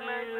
murder.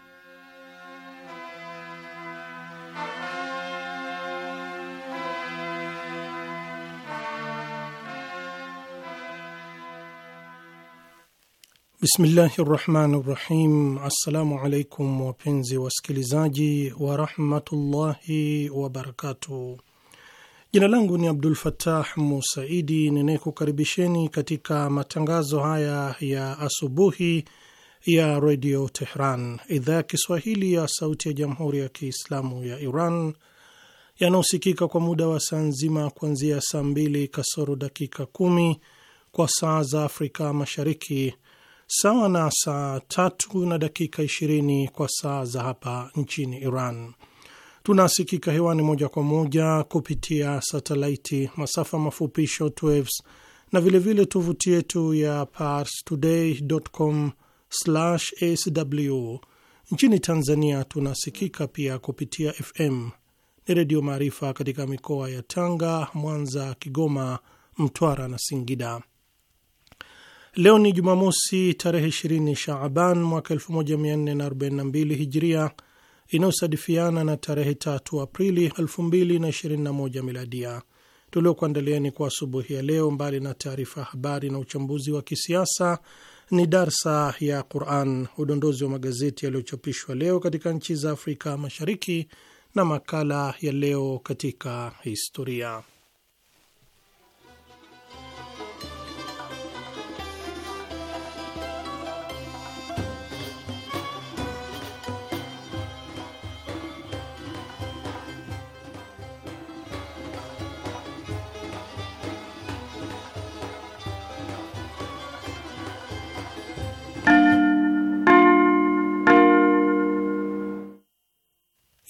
Bismillahi rahmani rahim. Assalamu alaikum wapenzi wasikilizaji warahmatullahi wabarakatuh. Jina langu ni Abdul fatah Musaidi ninayekukaribisheni katika matangazo haya ya asubuhi ya Redio Tehran, idhaa ya Kiswahili ya sauti ya jamhuri ya Kiislamu ya Iran, yanayosikika kwa muda wa saa nzima kuanzia saa mbili kasoro dakika kumi kwa saa za Afrika Mashariki, sawa na saa tatu na dakika ishirini kwa saa za hapa nchini Iran. Tunasikika hewani moja kwa moja kupitia satelaiti, masafa mafupi short waves, na vilevile tovuti yetu ya pars parstoday.com/sw. Nchini Tanzania tunasikika pia kupitia FM ni Redio Maarifa katika mikoa ya Tanga, Mwanza, Kigoma, Mtwara na Singida. Leo ni Jumamosi tarehe 20 Shaaban mwaka 1442 Hijria, inayosadifiana na tarehe 3 Aprili 2021 Miladia. Tuliokuandalieni kwa asubuhi ya leo, mbali na taarifa ya habari na uchambuzi wa kisiasa, ni darsa ya Quran, udondozi wa magazeti yaliyochapishwa leo katika nchi za Afrika Mashariki na makala ya leo katika historia.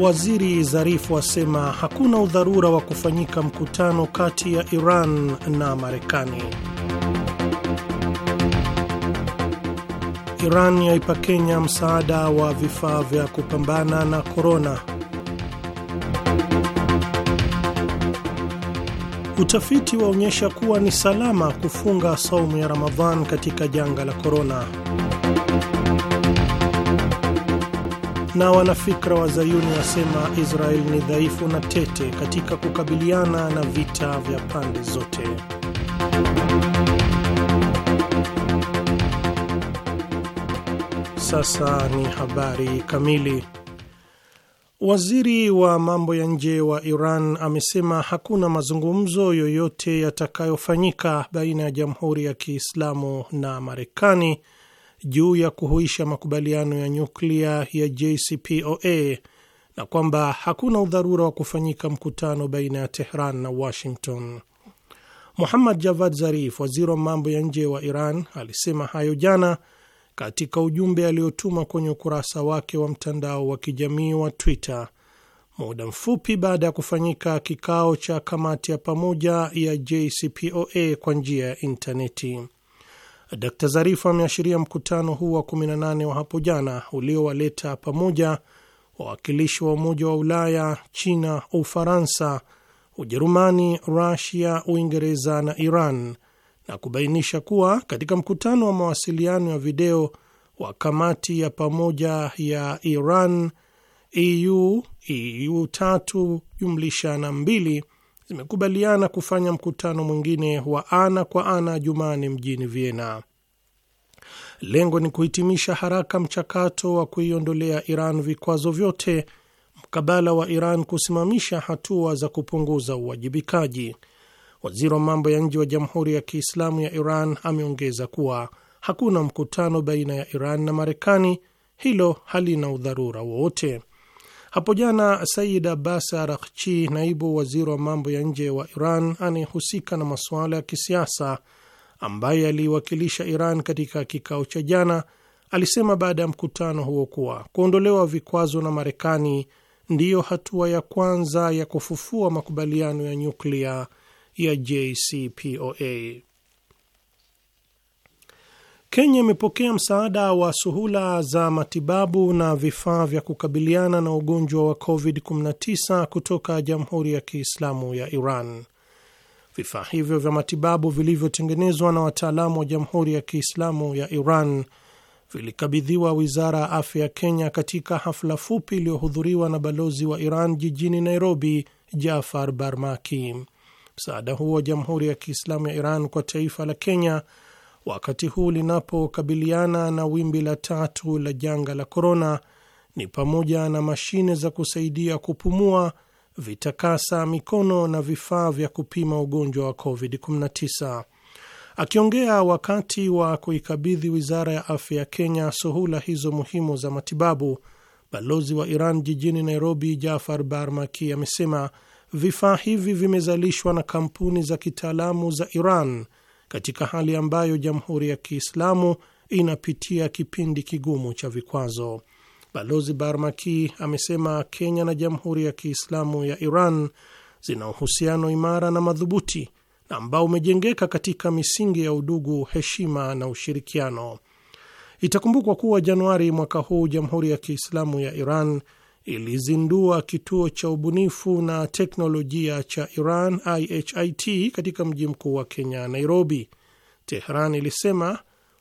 Waziri Zarifu asema hakuna udharura wa kufanyika mkutano kati ya Iran na Marekani. Iran yaipa Kenya msaada wa vifaa vya kupambana na korona. Utafiti waonyesha kuwa ni salama kufunga saumu ya Ramadhan katika janga la korona na wanafikra wa Zayuni wasema Israel ni dhaifu na tete katika kukabiliana na vita vya pande zote. Sasa ni habari kamili. Waziri wa mambo ya nje wa Iran amesema hakuna mazungumzo yoyote yatakayofanyika baina ya Jamhuri ya Kiislamu na Marekani juu ya kuhuisha makubaliano ya nyuklia ya JCPOA na kwamba hakuna udharura wa kufanyika mkutano baina ya Tehran na Washington. Muhammad Javad Zarif, waziri wa mambo ya nje wa Iran, alisema hayo jana katika ujumbe aliotuma kwenye ukurasa wake wa mtandao wa kijamii wa Twitter muda mfupi baada ya kufanyika kikao cha kamati ya pamoja ya JCPOA kwa njia ya intaneti. Dkt Zarifu ameashiria mkutano huu wa 18 wa hapo jana uliowaleta pamoja wawakilishi wa Umoja wa Ulaya, China, Ufaransa, Ujerumani, Rusia, Uingereza na Iran na kubainisha kuwa katika mkutano wa mawasiliano ya video wa kamati ya pamoja ya Iran, EU, EU tatu jumlisha na mbili zimekubaliana kufanya mkutano mwingine wa ana kwa ana Jumani mjini Vienna. Lengo ni kuhitimisha haraka mchakato wa kuiondolea Iran vikwazo vyote mkabala wa Iran kusimamisha hatua za kupunguza uwajibikaji. Waziri wa mambo ya nje wa Jamhuri ya Kiislamu ya Iran ameongeza kuwa hakuna mkutano baina ya Iran na Marekani, hilo halina udharura wowote. Hapo jana Said Abbas Araghchi, naibu waziri wa mambo ya nje wa Iran anayehusika na masuala ya kisiasa, ambaye aliiwakilisha Iran katika kikao cha jana, alisema baada ya mkutano huo kuwa kuondolewa vikwazo na Marekani ndiyo hatua ya kwanza ya kufufua makubaliano ya nyuklia ya JCPOA. Kenya imepokea msaada wa suhula za matibabu na vifaa vya kukabiliana na ugonjwa wa COVID-19 kutoka Jamhuri ya Kiislamu ya Iran. Vifaa hivyo vya matibabu vilivyotengenezwa na wataalamu wa Jamhuri ya Kiislamu ya Iran vilikabidhiwa Wizara ya Afya ya Kenya katika hafla fupi iliyohudhuriwa na balozi wa Iran jijini Nairobi, Jafar Barmaki. Msaada huo wa Jamhuri ya Kiislamu ya Iran kwa taifa la Kenya wakati huu linapokabiliana na wimbi la tatu la janga la korona, ni pamoja na mashine za kusaidia kupumua, vitakasa mikono na vifaa vya kupima ugonjwa wa COVID-19. Akiongea wakati wa kuikabidhi wizara ya afya ya Kenya suhula hizo muhimu za matibabu, balozi wa Iran jijini Nairobi, Jafar Barmaki, amesema vifaa hivi vimezalishwa na kampuni za kitaalamu za Iran katika hali ambayo Jamhuri ya Kiislamu inapitia kipindi kigumu cha vikwazo. Balozi Barmaki amesema Kenya na Jamhuri ya Kiislamu ya Iran zina uhusiano imara na madhubuti na ambao umejengeka katika misingi ya udugu, heshima na ushirikiano. Itakumbukwa kuwa Januari mwaka huu Jamhuri ya Kiislamu ya Iran ilizindua kituo cha ubunifu na teknolojia cha Iran IHIT katika mji mkuu wa Kenya, Nairobi. Tehran ilisema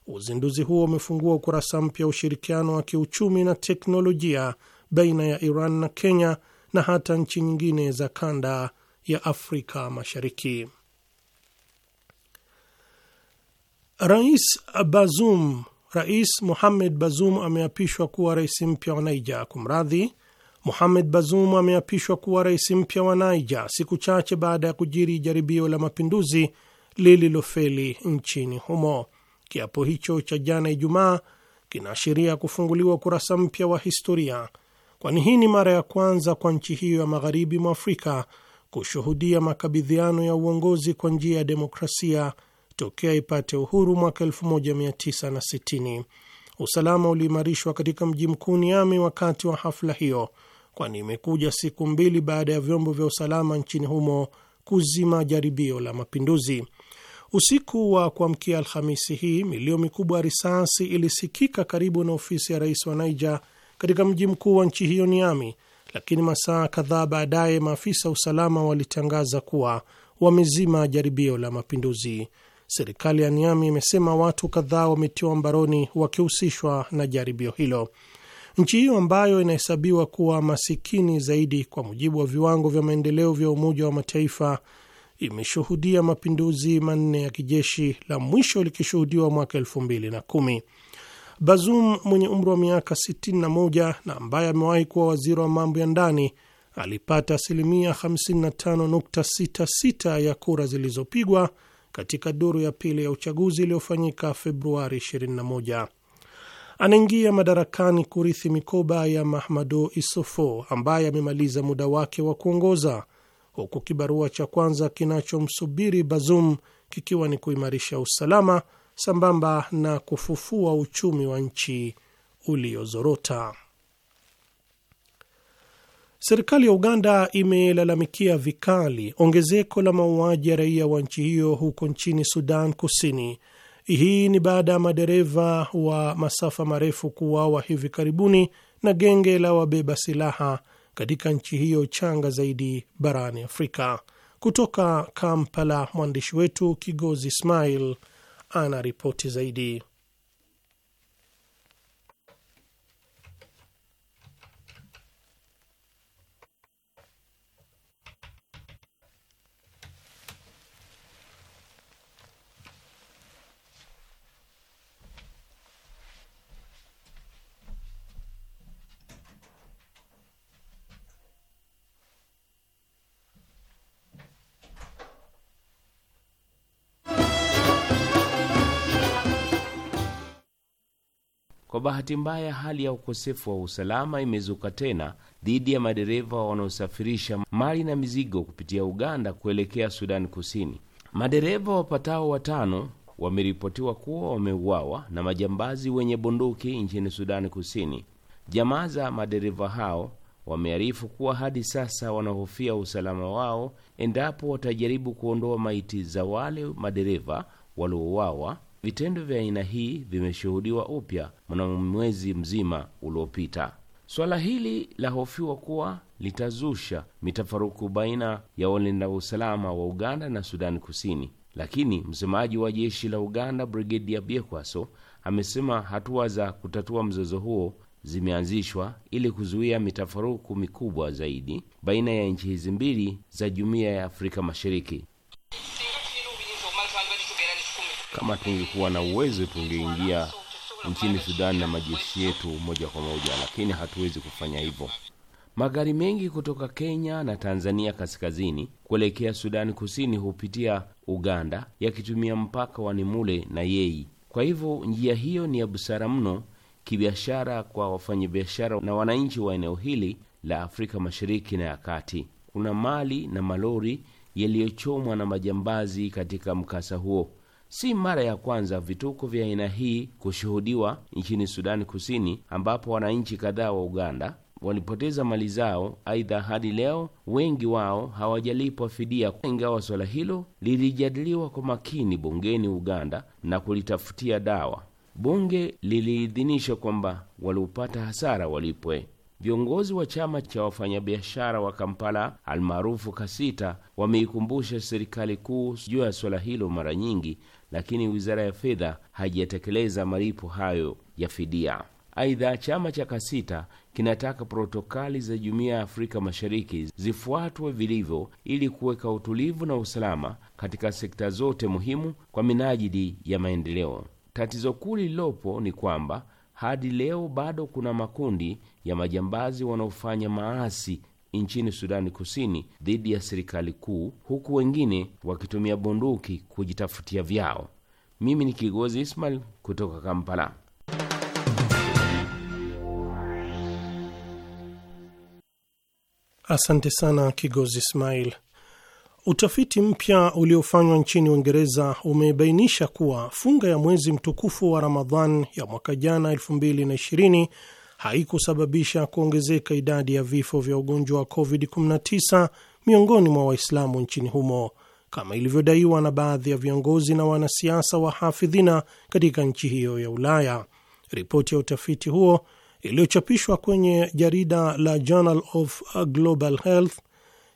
uzinduzi huo umefungua ukurasa mpya ushirikiano wa kiuchumi na teknolojia baina ya Iran na Kenya na hata nchi nyingine za kanda ya Afrika Mashariki. Rais Bazoum, Rais Mohamed Bazoum ameapishwa kuwa rais mpya wa Naija. Kumradhi, Mohamed Bazoum ameapishwa kuwa rais mpya wa Niger siku chache baada ya kujiri jaribio la mapinduzi lililofeli nchini humo. Kiapo hicho cha jana Ijumaa kinaashiria kufunguliwa kurasa mpya wa historia, kwani hii ni mara ya kwanza kwa nchi hiyo ya magharibi mwa Afrika kushuhudia makabidhiano ya uongozi kwa njia ya demokrasia tokea ipate uhuru mwaka 1960. Usalama uliimarishwa katika mji mkuu Niamey wakati wa hafla hiyo kwani imekuja siku mbili baada ya vyombo vya usalama nchini humo kuzima jaribio la mapinduzi. Usiku wa kuamkia Alhamisi hii milio mikubwa ya risasi ilisikika karibu na ofisi ya rais wa Niger katika mji mkuu wa nchi hiyo Niami, lakini masaa kadhaa baadaye maafisa usalama walitangaza kuwa wamezima jaribio la mapinduzi. Serikali ya Niami imesema watu kadhaa wametiwa mbaroni wakihusishwa na jaribio hilo. Nchi hiyo ambayo inahesabiwa kuwa masikini zaidi kwa mujibu wa viwango vya maendeleo vya Umoja wa Mataifa imeshuhudia mapinduzi manne ya kijeshi, la mwisho likishuhudiwa mwaka elfu mbili na kumi. Bazoum mwenye umri wa miaka 61 na ambaye amewahi kuwa waziri wa mambo ya ndani alipata asilimia 55.66 ya kura zilizopigwa katika duru ya pili ya uchaguzi iliyofanyika Februari 21 anaingia madarakani kurithi mikoba ya Mahmado isofo ambaye amemaliza muda wake wa kuongoza, huku kibarua cha kwanza kinachomsubiri Bazum kikiwa ni kuimarisha usalama sambamba na kufufua uchumi wa nchi uliozorota. Serikali ya Uganda imelalamikia vikali ongezeko la mauaji ya raia wa nchi hiyo huko nchini Sudan Kusini hii ni baada ya madereva wa masafa marefu kuuawa hivi karibuni na genge la wabeba silaha katika nchi hiyo changa zaidi barani Afrika. Kutoka Kampala, mwandishi wetu Kigozi Ismail ana ripoti zaidi. Kwa bahati mbaya, hali ya ukosefu wa usalama imezuka tena dhidi ya madereva wanaosafirisha mali na mizigo kupitia Uganda kuelekea Sudani Kusini. Madereva wapatao watano wameripotiwa kuwa wameuawa na majambazi wenye bunduki nchini Sudani Kusini. Jamaa za madereva hao wamearifu kuwa hadi sasa wanahofia usalama wao endapo watajaribu kuondoa maiti za wale madereva waliouawa Vitendo vya aina hii vimeshuhudiwa upya mnamo mwezi mzima uliopita. Swala hili lahofiwa kuwa litazusha mitafaruku baina ya walinda usalama wa Uganda na Sudani Kusini, lakini msemaji wa jeshi la Uganda Brigedia biekwaso amesema hatua za kutatua mzozo huo zimeanzishwa ili kuzuia mitafaruku mikubwa zaidi baina ya nchi hizi mbili za Jumuiya ya Afrika Mashariki. Kama tungekuwa na uwezo, tungeingia nchini Sudani na majeshi yetu moja kwa moja, lakini hatuwezi kufanya hivyo. Magari mengi kutoka Kenya na Tanzania kaskazini kuelekea Sudani kusini hupitia Uganda yakitumia mpaka wa Nimule na Yei. Kwa hivyo njia hiyo ni ya busara mno kibiashara kwa wafanyabiashara na wananchi wa eneo hili la Afrika Mashariki na ya Kati. Kuna mali na malori yaliyochomwa na majambazi katika mkasa huo. Si mara ya kwanza vituko vya aina hii kushuhudiwa nchini Sudani Kusini, ambapo wananchi kadhaa wa Uganda walipoteza mali zao. Aidha, hadi leo wengi wao hawajalipwa fidia, ingawa swala hilo lilijadiliwa kwa makini bungeni Uganda na kulitafutia dawa. Bunge liliidhinisha kwamba waliopata hasara walipwe. Viongozi wa chama cha wafanyabiashara wa Kampala almaarufu Kasita wameikumbusha serikali kuu juu ya swala hilo mara nyingi, lakini wizara ya fedha haijatekeleza malipo hayo ya fidia. Aidha, chama cha Kasita kinataka protokali za Jumuiya ya Afrika Mashariki zifuatwe vilivyo ili kuweka utulivu na usalama katika sekta zote muhimu kwa minajili ya maendeleo. Tatizo kuu lililopo ni kwamba hadi leo bado kuna makundi ya majambazi wanaofanya maasi nchini Sudani Kusini dhidi ya serikali kuu, huku wengine wakitumia bunduki kujitafutia vyao. Mimi ni Kigozi Ismail kutoka Kampala. Asante sana Kigozi Ismail. Utafiti mpya uliofanywa nchini Uingereza umebainisha kuwa funga ya mwezi mtukufu wa Ramadhan ya mwaka jana haikusababisha kuongezeka idadi ya vifo vya ugonjwa wa COVID-19 miongoni mwa Waislamu nchini humo kama ilivyodaiwa na baadhi ya viongozi na wanasiasa wa hafidhina katika nchi hiyo ya Ulaya. Ripoti ya utafiti huo iliyochapishwa kwenye jarida la Journal of Global Health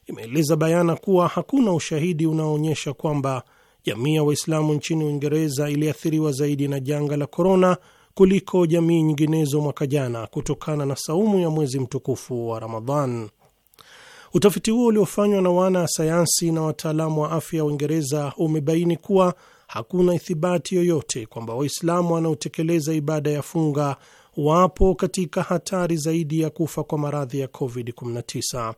imeeleza bayana kuwa hakuna ushahidi unaoonyesha kwamba jamii ya Waislamu nchini Uingereza iliathiriwa zaidi na janga la korona kuliko jamii nyinginezo mwaka jana kutokana na saumu ya mwezi mtukufu wa Ramadhan. Utafiti huo uliofanywa na wana sayansi na wataalamu wa afya wa Uingereza umebaini kuwa hakuna ithibati yoyote kwamba Waislamu wanaotekeleza ibada ya funga wapo katika hatari zaidi ya kufa kwa maradhi ya COVID-19.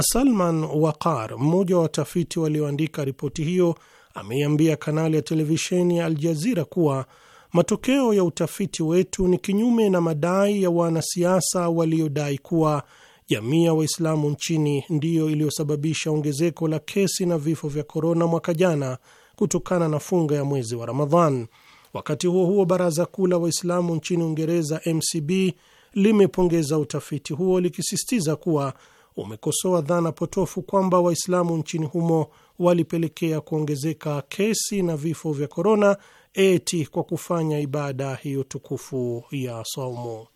Salman Waqar, mmoja wa watafiti walioandika ripoti hiyo, ameiambia kanali ya televisheni ya Aljazira kuwa matokeo ya utafiti wetu ni kinyume na madai ya wanasiasa waliodai kuwa jamii ya Waislamu nchini ndiyo iliyosababisha ongezeko la kesi na vifo vya korona mwaka jana kutokana na funga ya mwezi wa Ramadhan. Wakati huo huo, baraza kuu la Waislamu nchini Uingereza, MCB, limepongeza utafiti huo likisisitiza kuwa umekosoa dhana potofu kwamba Waislamu nchini humo walipelekea kuongezeka kesi na vifo vya korona eti kwa kufanya ibada hiyo tukufu ya saumu.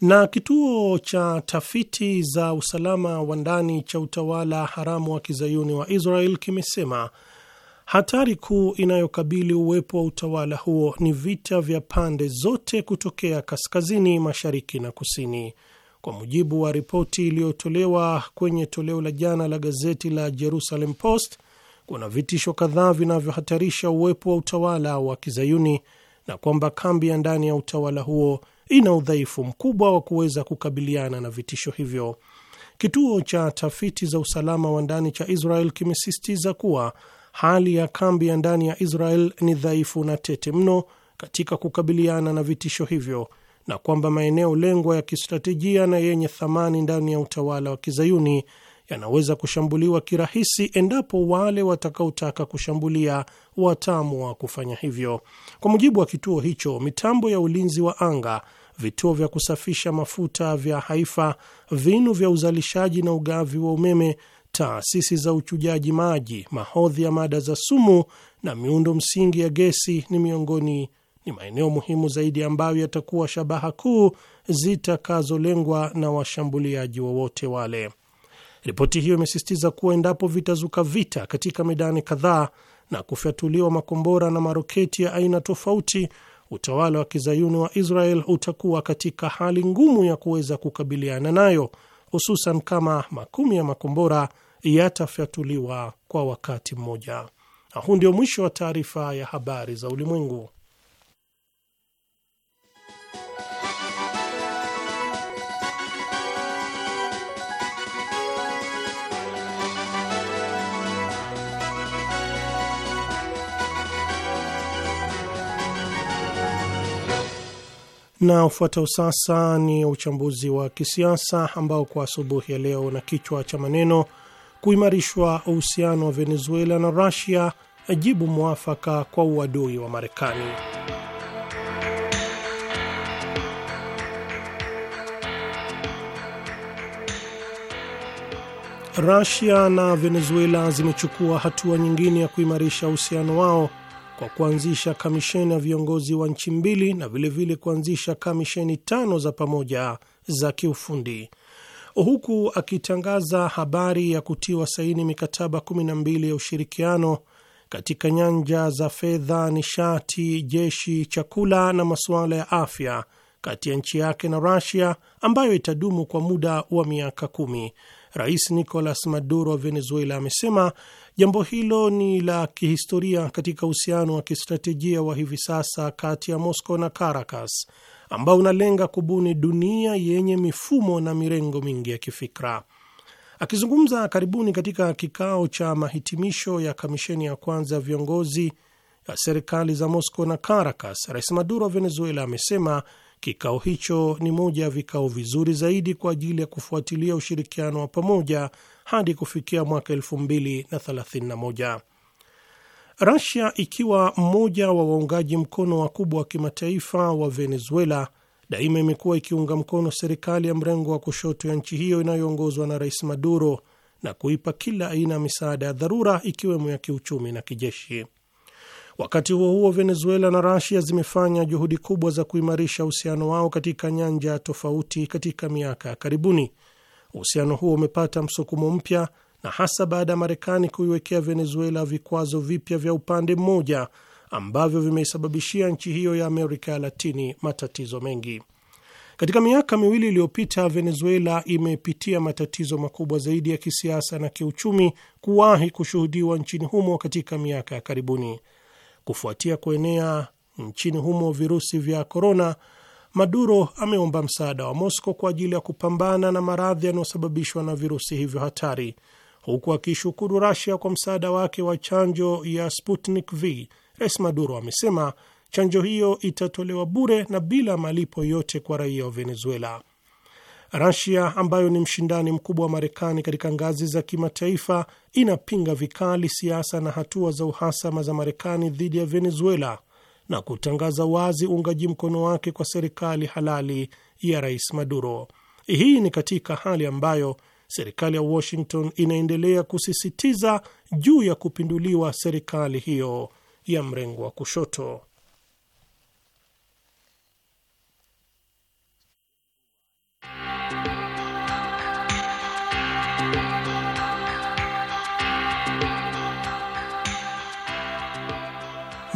Na kituo cha tafiti za usalama wa ndani cha utawala haramu wa kizayuni wa Israel kimesema hatari kuu inayokabili uwepo wa utawala huo ni vita vya pande zote kutokea kaskazini, mashariki na kusini. Kwa mujibu wa ripoti iliyotolewa kwenye toleo la jana la gazeti la Jerusalem Post, kuna vitisho kadhaa vinavyohatarisha uwepo wa utawala wa kizayuni na kwamba kambi ya ndani ya utawala huo ina udhaifu mkubwa wa kuweza kukabiliana na vitisho hivyo. Kituo cha tafiti za usalama wa ndani cha Israel kimesisitiza kuwa hali ya kambi ya ndani ya Israel ni dhaifu na tete mno katika kukabiliana na vitisho hivyo na kwamba maeneo lengwa ya kistratejia na yenye thamani ndani ya utawala wa kizayuni yanaweza kushambuliwa kirahisi endapo wale watakaotaka kushambulia wataamua kufanya hivyo. Kwa mujibu wa kituo hicho, mitambo ya ulinzi wa anga, vituo vya kusafisha mafuta vya Haifa, vinu vya uzalishaji na ugavi wa umeme, taasisi za uchujaji maji, mahodhi ya mada za sumu na miundo msingi ya gesi ni miongoni ni maeneo muhimu zaidi ambayo yatakuwa shabaha kuu zitakazolengwa na washambuliaji wowote wale. Ripoti hiyo imesisitiza kuwa endapo vitazuka vita katika medani kadhaa na kufyatuliwa makombora na maroketi ya aina tofauti, utawala wa kizayuni wa Israel utakuwa katika hali ngumu ya kuweza kukabiliana nayo, hususan kama makumi ya makombora yatafyatuliwa kwa wakati mmoja. Na huu ndio mwisho wa taarifa ya habari za ulimwengu. Na ufuatao sasa ni uchambuzi wa kisiasa ambao kwa asubuhi ya leo na kichwa cha maneno kuimarishwa uhusiano wa Venezuela na rasia jibu mwafaka kwa uadui wa Marekani. rasia na Venezuela zimechukua hatua nyingine ya kuimarisha uhusiano wao kwa kuanzisha kamisheni ya viongozi wa nchi mbili na vilevile kuanzisha kamisheni tano za pamoja za kiufundi, huku akitangaza habari ya kutiwa saini mikataba 12 ya ushirikiano katika nyanja za fedha, nishati, jeshi, chakula na masuala ya afya kati ya nchi yake na rusia ambayo itadumu kwa muda wa miaka kumi. Rais Nicolas Maduro wa Venezuela amesema Jambo hilo ni la kihistoria katika uhusiano wa kistratejia wa hivi sasa kati ya Moscow na Caracas ambao unalenga kubuni dunia yenye mifumo na mirengo mingi ya kifikra. Akizungumza karibuni katika kikao cha mahitimisho ya kamisheni ya kwanza ya viongozi ya serikali za Moscow na Caracas, Rais Maduro wa Venezuela amesema kikao hicho ni moja ya vikao vizuri zaidi kwa ajili ya kufuatilia ushirikiano wa pamoja hadi kufikia mwaka 2031. Rasia ikiwa mmoja wa waungaji mkono wakubwa wa kimataifa wa Venezuela daima imekuwa ikiunga mkono serikali ya mrengo wa kushoto ya nchi hiyo inayoongozwa na Rais Maduro na kuipa kila aina ya misaada ya dharura ikiwemo ya kiuchumi na kijeshi. Wakati huo huo, Venezuela na rasia zimefanya juhudi kubwa za kuimarisha uhusiano wao katika nyanja tofauti katika miaka ya karibuni. Uhusiano huo umepata msukumo mpya na hasa baada ya Marekani kuiwekea Venezuela vikwazo vipya vya upande mmoja ambavyo vimeisababishia nchi hiyo ya Amerika ya Latini matatizo mengi. Katika miaka miwili iliyopita, Venezuela imepitia matatizo makubwa zaidi ya kisiasa na kiuchumi kuwahi kushuhudiwa nchini humo katika miaka ya karibuni, kufuatia kuenea nchini humo virusi vya korona Maduro ameomba msaada wa Moscow kwa ajili ya kupambana na maradhi yanayosababishwa na virusi hivyo hatari, huku akishukuru rasia kwa msaada wake wa chanjo ya Sputnik V. Rais Maduro amesema chanjo hiyo itatolewa bure na bila malipo yote kwa raia wa Venezuela. Rasia ambayo ni mshindani mkubwa wa Marekani katika ngazi za kimataifa inapinga vikali siasa na hatua za uhasama za Marekani dhidi ya Venezuela na kutangaza wazi uungaji mkono wake kwa serikali halali ya Rais Maduro. Hii ni katika hali ambayo serikali ya Washington inaendelea kusisitiza juu ya kupinduliwa serikali hiyo ya mrengo wa kushoto.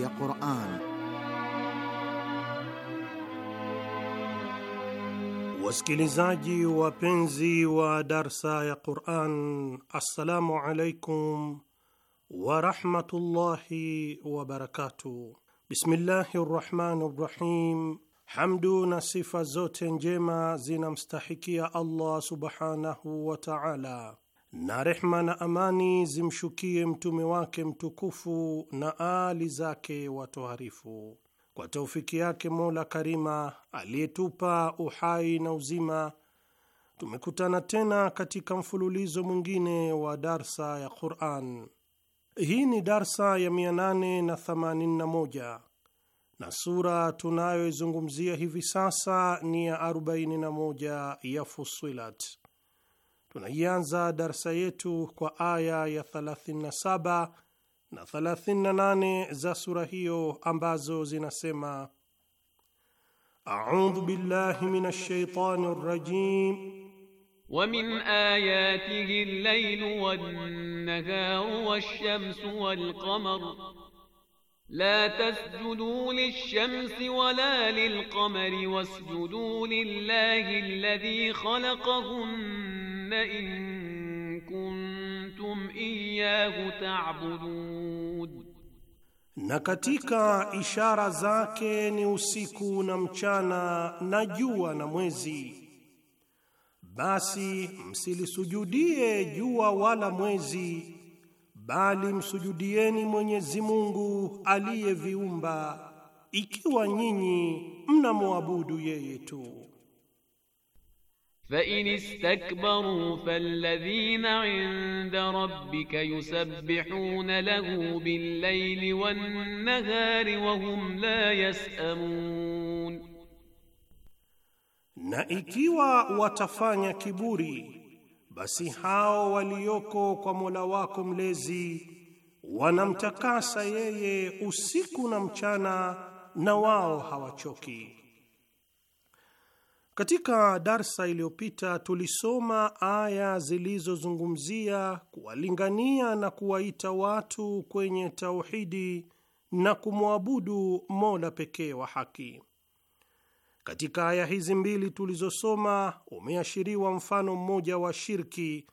ya Qur'an. Wasikilizaji wapenzi wa darsa ya Qur'an, assalamu alaikum wa wabarakatuh bismillahi barakatuh. Rahim. Hamdu na sifa zote njema zinamstahikia Allah subhanahu wa ta'ala na rehma na amani zimshukie mtume wake mtukufu na aali zake watoharifu. Kwa taufiki yake Mola Karima aliyetupa uhai na uzima, tumekutana tena katika mfululizo mwingine wa darsa ya Quran. Hii ni darsa ya 881 na, na sura tunayoizungumzia hivi sasa ni ya 41 ya Fusilat. Tunaianza darsa yetu kwa aya ya 37 na 38 za sura hiyo ambazo zinasema: audhu billahi minash shaitani rajim wa min ayatihi al-laylu wan-naharu la tasjudu lish wala lil wasjudu lillahi alladhi khalaqahunna kuntum iyyahu ta'budun, na katika ishara zake ni usiku na mchana na jua na mwezi. Basi msilisujudie jua wala mwezi, bali msujudieni Mwenyezi Mungu aliyeviumba, ikiwa nyinyi mnamwabudu yeye tu. فإن استكبروا فالذين عند ربك يسبحون له بالليل والنهار وهم la yasamun, na ikiwa watafanya kiburi, basi hao walioko kwa Mola wako mlezi wanamtakasa yeye usiku na mchana, na wao hawachoki. Katika darsa iliyopita tulisoma aya zilizozungumzia kuwalingania na kuwaita watu kwenye tauhidi na kumwabudu Mola pekee wa haki. Katika aya hizi mbili tulizosoma, umeashiriwa mfano mmoja wa shirki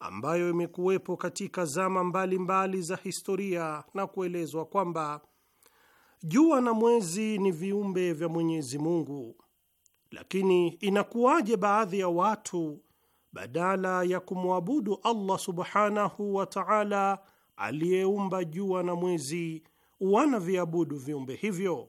ambayo imekuwepo katika zama mbalimbali mbali za historia na kuelezwa kwamba jua na mwezi ni viumbe vya Mwenyezi Mungu lakini inakuwaje baadhi ya watu badala ya kumwabudu Allah subhanahu wa ta'ala aliyeumba jua na mwezi wanaviabudu viumbe hivyo?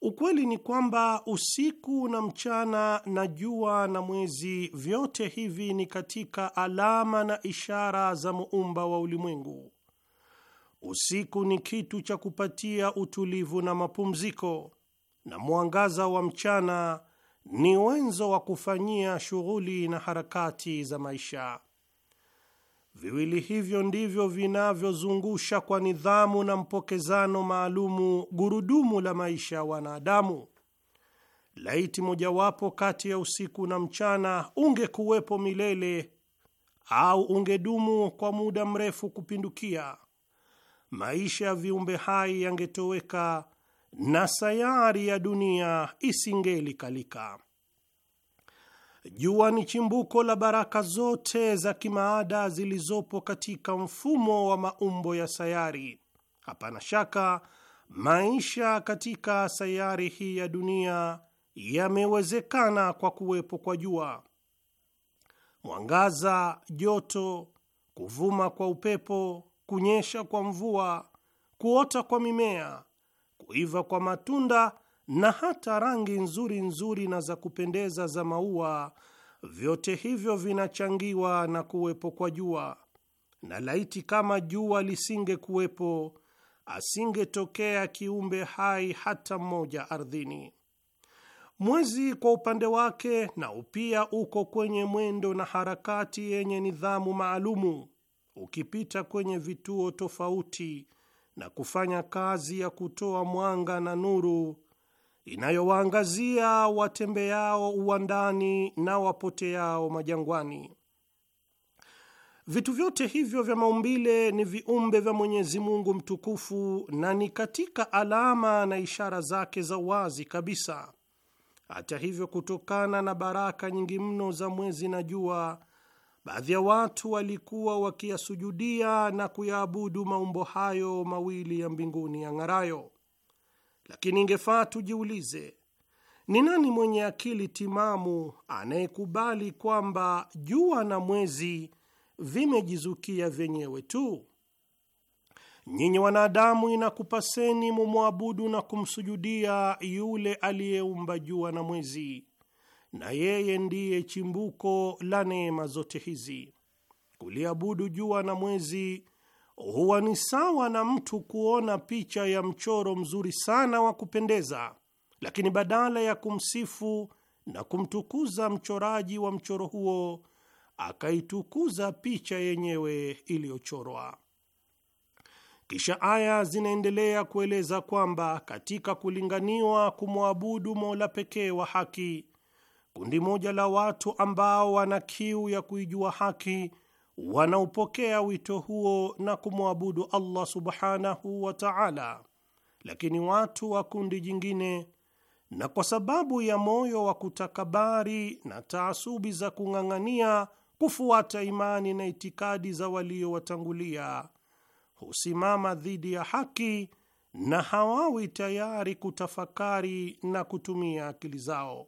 Ukweli ni kwamba usiku na mchana na jua na mwezi, vyote hivi ni katika alama na ishara za muumba wa ulimwengu. Usiku ni kitu cha kupatia utulivu na mapumziko, na mwangaza wa mchana ni wenzo wa kufanyia shughuli na harakati za maisha. Viwili hivyo ndivyo vinavyozungusha kwa nidhamu na mpokezano maalumu gurudumu la maisha ya wanadamu. Laiti mojawapo kati ya usiku na mchana ungekuwepo milele au ungedumu kwa muda mrefu kupindukia, maisha ya viumbe hai yangetoweka na sayari ya dunia isingelikalika. Jua ni chimbuko la baraka zote za kimaada zilizopo katika mfumo wa maumbo ya sayari. Hapana shaka maisha katika sayari hii ya dunia yamewezekana kwa kuwepo kwa jua. Mwangaza, joto, kuvuma kwa upepo, kunyesha kwa mvua, kuota kwa mimea kuiva kwa matunda na hata rangi nzuri nzuri na za kupendeza za maua, vyote hivyo vinachangiwa na kuwepo kwa jua. Na laiti kama jua lisingekuwepo, asingetokea kiumbe hai hata mmoja ardhini. Mwezi kwa upande wake nao pia uko kwenye mwendo na harakati yenye nidhamu maalumu, ukipita kwenye vituo tofauti na kufanya kazi ya kutoa mwanga na nuru inayowaangazia watembeao uwandani na wapoteao majangwani. Vitu vyote hivyo vya maumbile ni viumbe vya Mwenyezi Mungu mtukufu na ni katika alama na ishara zake za wazi kabisa. Hata hivyo, kutokana na baraka nyingi mno za mwezi na jua baadhi ya watu walikuwa wakiyasujudia na kuyaabudu maumbo hayo mawili ya mbinguni ya ng'arayo. Lakini ingefaa tujiulize, ni nani mwenye akili timamu anayekubali kwamba jua na mwezi vimejizukia vyenyewe tu? Nyinyi wanadamu, inakupaseni mumwabudu na kumsujudia yule aliyeumba jua na mwezi na yeye ndiye chimbuko la neema zote hizi. Kuliabudu jua na mwezi huwa ni sawa na mtu kuona picha ya mchoro mzuri sana wa kupendeza, lakini badala ya kumsifu na kumtukuza mchoraji wa mchoro huo, akaitukuza picha yenyewe iliyochorwa. Kisha aya zinaendelea kueleza kwamba katika kulinganiwa kumwabudu Mola pekee wa haki kundi moja la watu ambao wana kiu ya kuijua haki wanaupokea wito huo na kumwabudu Allah subhanahu wa ta'ala, lakini watu wa kundi jingine, na kwa sababu ya moyo wa kutakabari na taasubi za kung'ang'ania kufuata imani na itikadi za waliowatangulia, husimama dhidi ya haki na hawawi tayari kutafakari na kutumia akili zao.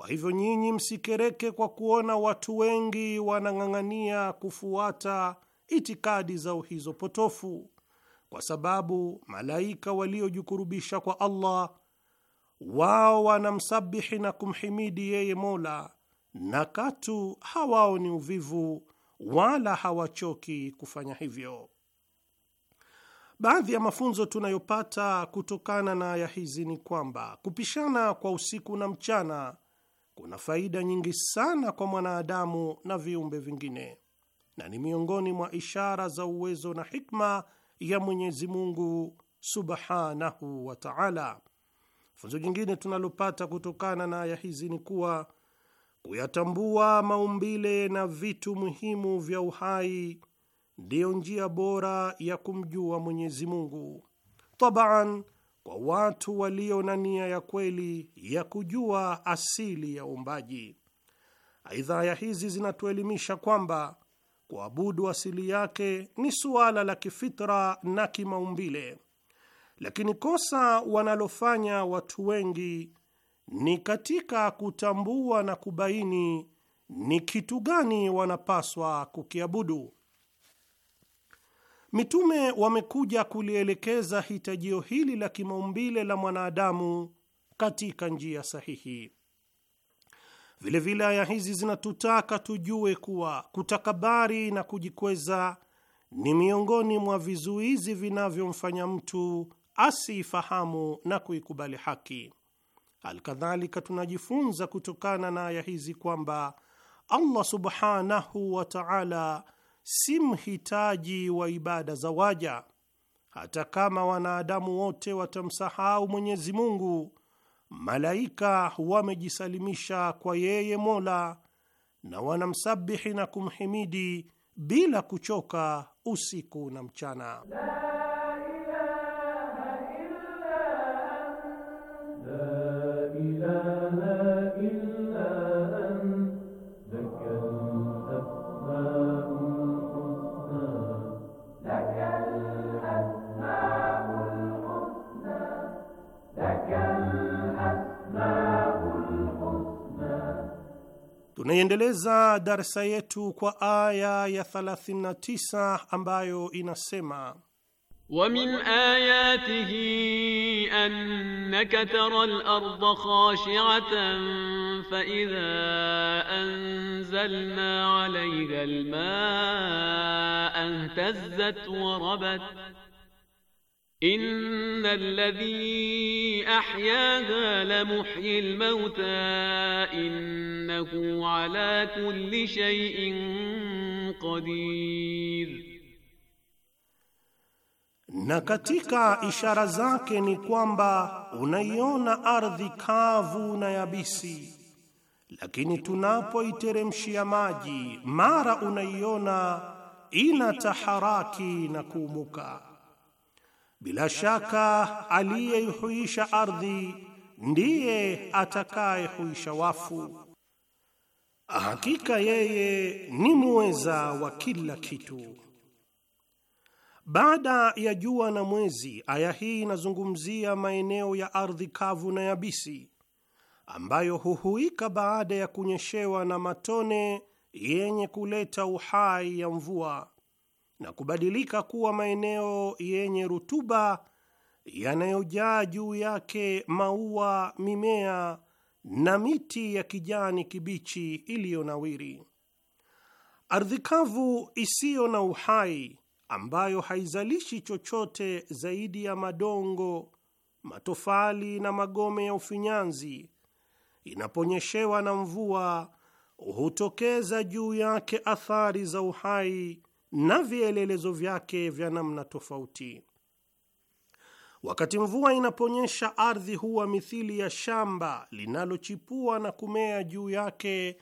Kwa hivyo nyinyi msikereke kwa kuona watu wengi wanang'ang'ania kufuata itikadi zao hizo potofu, kwa sababu malaika waliojikurubisha kwa Allah wao wanamsabihi na kumhimidi yeye Mola, na katu hawaoni uvivu wala hawachoki kufanya hivyo. Baadhi ya mafunzo tunayopata kutokana na aya hizi ni kwamba kupishana kwa usiku na mchana kuna faida nyingi sana kwa mwanadamu na viumbe vingine, na ni miongoni mwa ishara za uwezo na hikma ya Mwenyezi Mungu subhanahu wa taala. Funzo jingine tunalopata kutokana na aya hizi ni kuwa kuyatambua maumbile na vitu muhimu vya uhai ndiyo njia bora ya kumjua Mwenyezi Mungu. Tabaan, kwa watu walio na nia ya kweli ya kujua asili ya uumbaji. Aidha, aya hizi zinatuelimisha kwamba kuabudu asili yake ni suala la kifitra na kimaumbile, lakini kosa wanalofanya watu wengi ni katika kutambua na kubaini ni kitu gani wanapaswa kukiabudu. Mitume wamekuja kulielekeza hitajio hili la kimaumbile la mwanadamu katika njia sahihi. Vilevile aya hizi zinatutaka tujue kuwa kutakabari na kujikweza ni miongoni mwa vizuizi vinavyomfanya mtu asiifahamu na kuikubali haki. Alkadhalika, tunajifunza kutokana na aya hizi kwamba Allah subhanahu wa ta'ala si mhitaji wa ibada za waja. Hata kama wanadamu wote watamsahau Mwenyezi Mungu, malaika wamejisalimisha kwa yeye Mola na wanamsabihi na kumhimidi bila kuchoka usiku na mchana. Tunaiendeleza darsa yetu kwa aya ya 39 ambayo inasema ومن آياته أنك ترى الأرض خاشعة فإذا أنزلنا عليها الماء اهتزت وربت Inna alladhi ahyaha la muhyil mauta innahu ala kulli shay'in qadir, na katika ishara zake ni kwamba unaiona ardhi kavu na yabisi, lakini tunapoiteremshia maji mara unaiona ina taharaki na kuumuka bila shaka aliyeihuisha ardhi ndiye atakayehuisha wafu. Hakika yeye ni muweza wa kila kitu. Baada ya jua na mwezi, aya hii inazungumzia maeneo ya ardhi kavu na yabisi ambayo huhuika baada ya kunyeshewa na matone yenye kuleta uhai ya mvua na kubadilika kuwa maeneo yenye rutuba yanayojaa juu yake maua, mimea na miti ya kijani kibichi iliyonawiri. Ardhi kavu isiyo na uhai ambayo haizalishi chochote zaidi ya madongo, matofali na magome ya ufinyanzi, inaponyeshewa na mvua hutokeza juu yake athari za uhai na vielelezo vyake vya namna tofauti. Wakati mvua inaponyesha, ardhi huwa mithili ya shamba linalochipua na kumea juu yake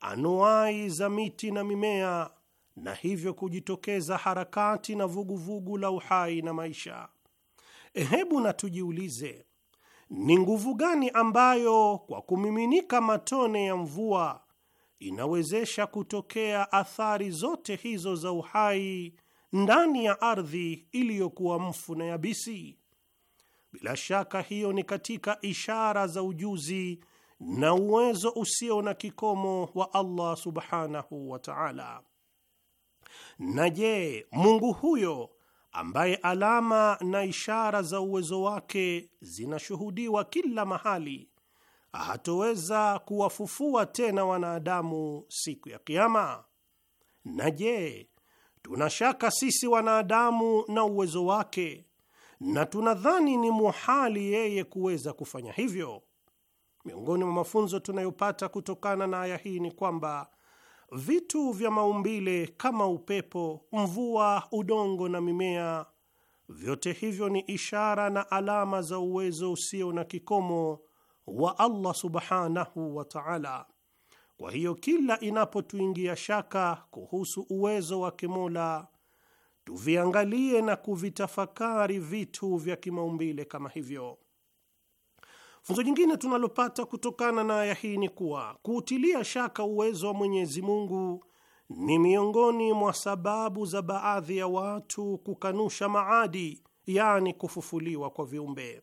anuai za miti na mimea, na hivyo kujitokeza harakati na vuguvugu vugu la uhai na maisha. Hebu na tujiulize, ni nguvu gani ambayo kwa kumiminika matone ya mvua inawezesha kutokea athari zote hizo za uhai ndani ya ardhi iliyokuwa mfu na yabisi. Bila shaka hiyo ni katika ishara za ujuzi na uwezo usio na kikomo wa Allah subhanahu wa ta'ala. Na je, Mungu huyo ambaye alama na ishara za uwezo wake zinashuhudiwa kila mahali hatoweza kuwafufua tena wanadamu siku ya Kiama? Na je, tunashaka sisi wanadamu na uwezo wake, na tunadhani ni muhali yeye kuweza kufanya hivyo? Miongoni mwa mafunzo tunayopata kutokana na aya hii ni kwamba vitu vya maumbile kama upepo, mvua, udongo na mimea, vyote hivyo ni ishara na alama za uwezo usio na kikomo wa Allah subhanahu wa ta'ala. Kwa hiyo kila inapotuingia shaka kuhusu uwezo wa kimola tuviangalie na kuvitafakari vitu vya kimaumbile kama hivyo. Funzo jingine tunalopata kutokana na aya hii ni kuwa kuutilia shaka uwezo wa Mwenyezi Mungu ni miongoni mwa sababu za baadhi ya watu kukanusha maadi, yaani kufufuliwa kwa viumbe.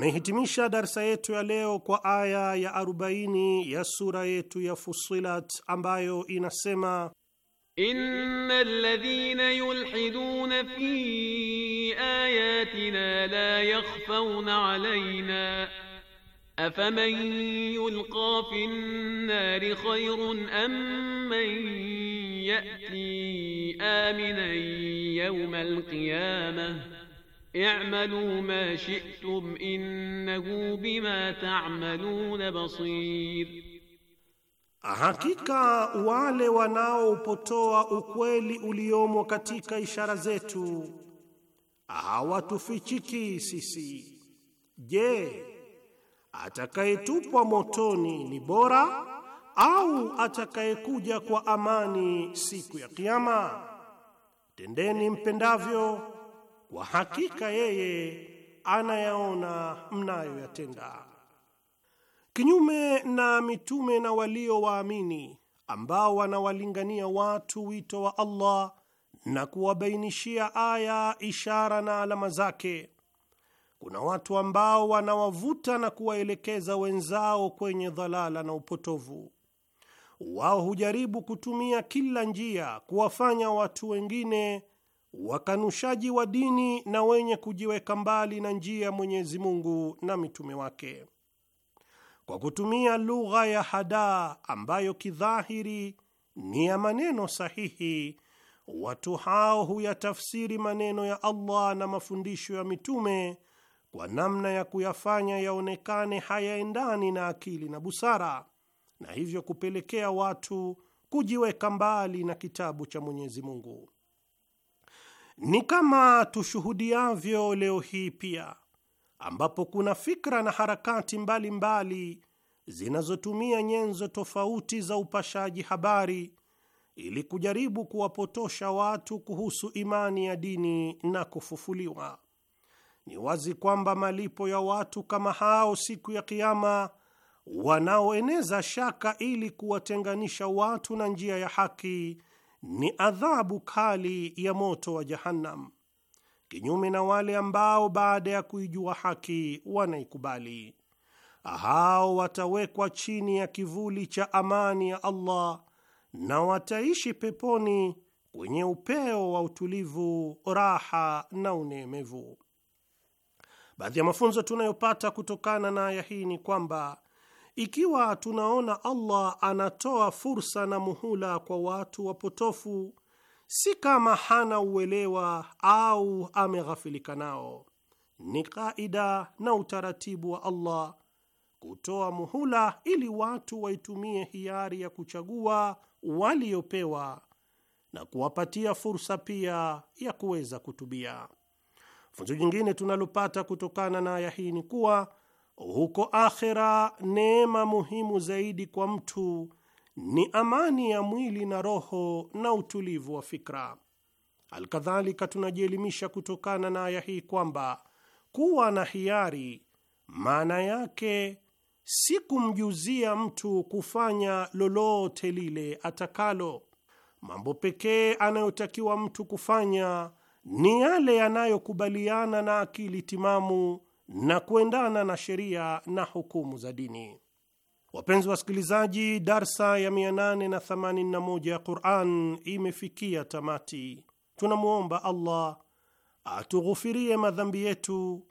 Tunaihitimisha darsa yetu ya leo kwa aya ya 40 ya sura yetu ya Fusilat ambayo inasema Innal ladhina yulhiduna fi ayatina la yakhfauna alayna afaman yulqa fi nari khayrun am man ya'ti aminan yawmal qiyamah i'malu ma shi'tum innahu bima ta'maluna basir, hakika wale wanaopotoa ukweli uliomo katika ishara zetu hawatufichiki sisi. Je, atakayetupwa motoni ni bora au atakayekuja kwa amani siku ya Kiyama? Tendeni mpendavyo kwa hakika yeye anayaona mnayoyatenda. Kinyume na mitume na walio waamini ambao wanawalingania watu wito wa Allah na kuwabainishia aya, ishara na alama zake, kuna watu ambao wanawavuta na kuwaelekeza wenzao kwenye dhalala na upotovu. Wao hujaribu kutumia kila njia kuwafanya watu wengine wakanushaji wa dini na wenye kujiweka mbali na njia ya Mwenyezi Mungu na mitume wake. Kwa kutumia lugha ya hadaa ambayo kidhahiri ni ya maneno sahihi, watu hao huyatafsiri maneno ya Allah na mafundisho ya mitume kwa namna ya kuyafanya yaonekane hayaendani na akili na busara, na hivyo kupelekea watu kujiweka mbali na kitabu cha Mwenyezi Mungu. Ni kama tushuhudiavyo leo hii pia, ambapo kuna fikra na harakati mbalimbali zinazotumia nyenzo tofauti za upashaji habari ili kujaribu kuwapotosha watu kuhusu imani ya dini na kufufuliwa. Ni wazi kwamba malipo ya watu kama hao siku ya Kiama, wanaoeneza shaka ili kuwatenganisha watu na njia ya haki ni adhabu kali ya moto wa Jahannam, kinyume na wale ambao baada ya kuijua haki wanaikubali. Hao watawekwa chini ya kivuli cha amani ya Allah na wataishi peponi kwenye upeo wa utulivu, raha na uneemevu. Baadhi ya mafunzo tunayopata kutokana na aya hii ni kwamba ikiwa tunaona Allah anatoa fursa na muhula kwa watu wapotofu, si kama hana uelewa au ameghafilika nao. Ni kaida na utaratibu wa Allah kutoa muhula ili watu waitumie hiari ya kuchagua waliopewa na kuwapatia fursa pia ya kuweza kutubia. Funzo jingine tunalopata kutokana na aya hii ni kuwa huko akhera, neema muhimu zaidi kwa mtu ni amani ya mwili na roho na utulivu wa fikra. Alkadhalika, tunajielimisha kutokana na aya hii kwamba kuwa na hiari maana yake si kumjuzia mtu kufanya lolote lile atakalo. Mambo pekee anayotakiwa mtu kufanya ni yale yanayokubaliana na akili timamu na kuendana na sheria na hukumu za dini. Wapenzi wasikilizaji, darsa ya 881 ya Quran imefikia tamati. Tunamwomba Allah atughufirie madhambi yetu,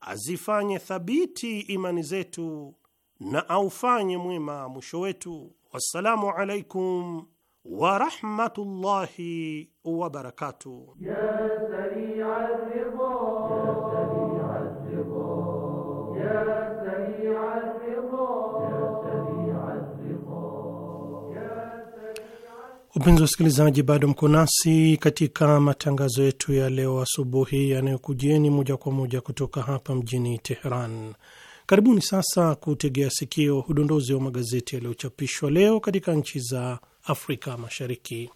azifanye thabiti imani zetu na aufanye mwema mwisho wetu. Wassalamu alaikum warahmatullahi wabarakatuh. Upenzi wa wasikilizaji, bado mko nasi katika matangazo yetu ya leo asubuhi yanayokujieni moja kwa moja kutoka hapa mjini Teheran. Karibuni sasa kutegea sikio udondozi wa magazeti yaliyochapishwa leo katika nchi za Afrika Mashariki.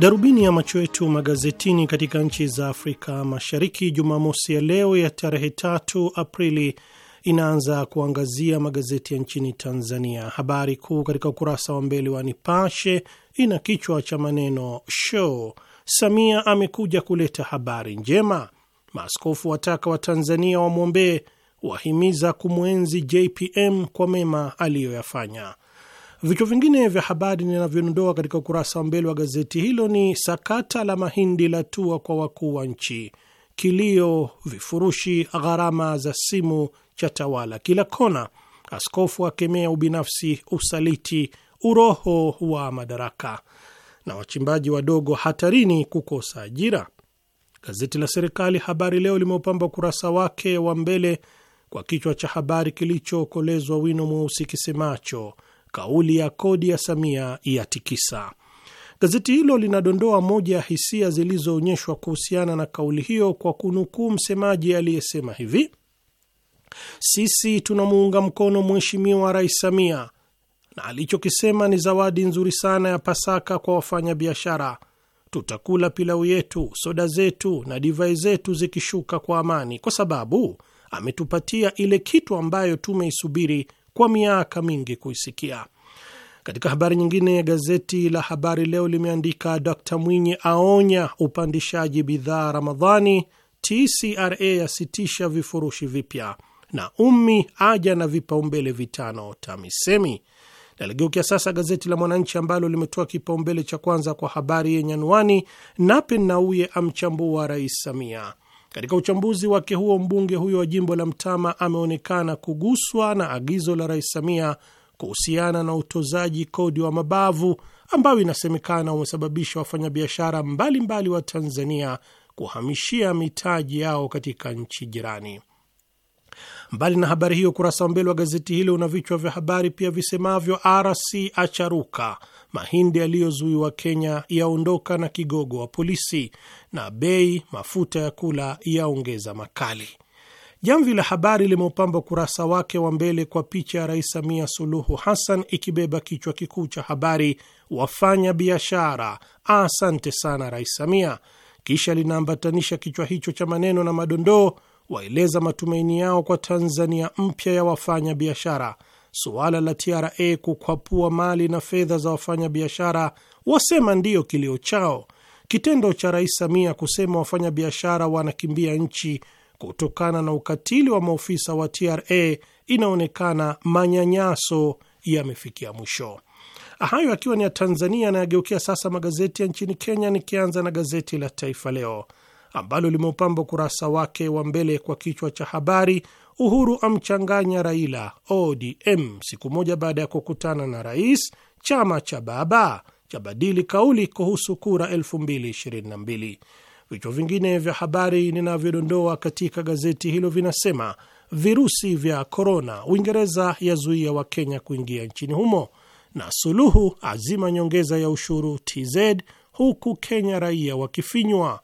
Darubini ya macho yetu magazetini katika nchi za Afrika Mashariki Jumamosi ya leo ya tarehe tatu Aprili inaanza kuangazia magazeti ya nchini Tanzania. Habari kuu katika ukurasa wa mbele wa Nipashe ina kichwa cha maneno show Samia amekuja kuleta habari njema, maaskofu wataka Watanzania wamwombee, wahimiza kumwenzi JPM kwa mema aliyoyafanya. Vichwa vingine vya habari ninavyodondoa katika ukurasa wa mbele wa gazeti hilo ni sakata la mahindi la tua kwa wakuu wa nchi, kilio vifurushi gharama za simu cha tawala kila kona, askofu akemea ubinafsi, usaliti, uroho wa madaraka, na wachimbaji wadogo hatarini kukosa ajira. Gazeti la serikali Habari Leo limeupamba ukurasa wake wa mbele kwa kichwa cha habari kilichookolezwa wino mweusi kisemacho kauli ya kodi ya Samia ya tikisa. Gazeti hilo linadondoa moja ya hisia zilizoonyeshwa kuhusiana na kauli hiyo kwa kunukuu msemaji aliyesema hivi: sisi tunamuunga mkono Mheshimiwa Rais Samia na alichokisema ni zawadi nzuri sana ya Pasaka kwa wafanyabiashara. Tutakula pilau yetu, soda zetu na divai zetu zikishuka kwa amani, kwa sababu ametupatia ile kitu ambayo tumeisubiri kwa miaka mingi kuisikia. Katika habari nyingine, gazeti la Habari Leo limeandika Dkt Mwinyi aonya upandishaji bidhaa Ramadhani, TCRA yasitisha vifurushi vipya, na ummi aja na vipaumbele vitano TAMISEMI. Naligeukia sasa gazeti la Mwananchi ambalo limetoa kipaumbele cha kwanza kwa habari yenye anwani Nape Nnauye amchambua Rais Samia. Katika uchambuzi wake huo, mbunge huyo wa jimbo la Mtama ameonekana kuguswa na agizo la Rais Samia kuhusiana na utozaji kodi wa mabavu ambayo inasemekana umesababisha wafanyabiashara mbalimbali wa Tanzania kuhamishia mitaji yao katika nchi jirani. Mbali na habari hiyo, ukurasa wa mbele wa gazeti hilo una vichwa vya habari pia visemavyo: RC acharuka, mahindi yaliyozuiwa Kenya yaondoka na kigogo wa polisi, na bei mafuta ya kula yaongeza makali. Jamvi la Habari limeupamba ukurasa wake wa mbele kwa picha ya Rais Samia Suluhu Hassan ikibeba kichwa kikuu cha habari, wafanya biashara asante sana Rais Samia. Kisha linaambatanisha kichwa hicho cha maneno na madondoo, waeleza matumaini yao kwa Tanzania mpya ya wafanya biashara suala la TRA kukwapua mali na fedha za wafanyabiashara wasema ndiyo kilio chao. Kitendo cha Rais Samia kusema wafanyabiashara wanakimbia nchi kutokana na ukatili wa maofisa wa TRA inaonekana manyanyaso yamefikia mwisho. Hayo akiwa ni ya Tanzania, anayageukia sasa magazeti ya nchini Kenya, nikianza na gazeti la Taifa Leo ambalo limeupamba ukurasa wake wa mbele kwa kichwa cha habari Uhuru amchanganya Raila ODM siku moja baada ya kukutana na rais. Chama cha Baba chabadili kauli kuhusu kura 2022. Vichwa vingine vya habari ninavyodondoa katika gazeti hilo vinasema virusi vya korona, Uingereza yazuia Wakenya kuingia nchini humo, na Suluhu azima nyongeza ya ushuru TZ, huku Kenya raia wakifinywa